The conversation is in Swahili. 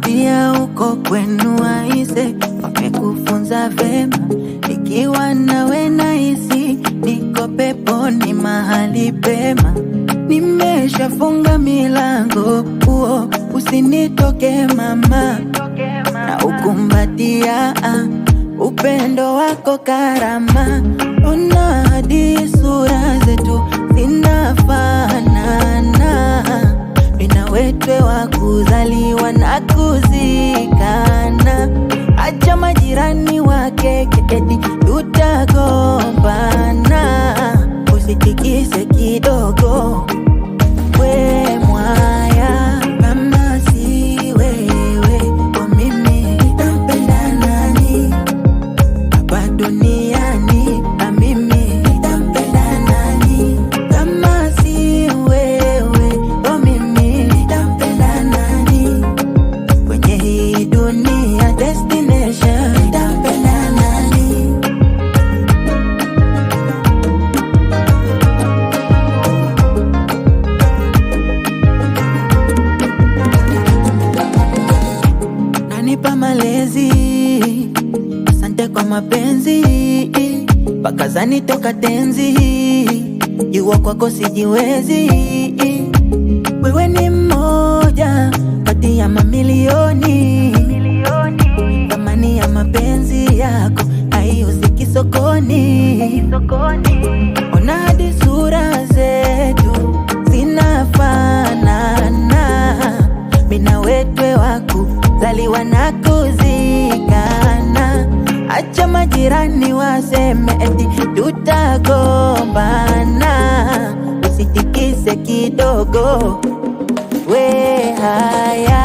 na uko kwenu aise, wamekufunza vema. na nawe nahisi niko peponi mahali pema. Nimeshafunga milango huo, usinitoke mama, na ukumbatia ah, upendo wako karama, ona hadi sura hakuzikana, acha majirani wake keketi, tutagombana. Usitikise kidogo, we mwaya kama si wewe, kwa mimi napenda nani hapa dunia kunipa malezi, asante kwa mapenzi, pakazani toka tenzi, jua kwako sijiwezi, wewe ni mmoja kati ya mamilioni, thamani ya mapenzi yako haiyuziki sokoni, ona hadi sura zetu zinafanana wanakuzikana, acha majirani waseme eti tutagombana, usitikise kidogo we haya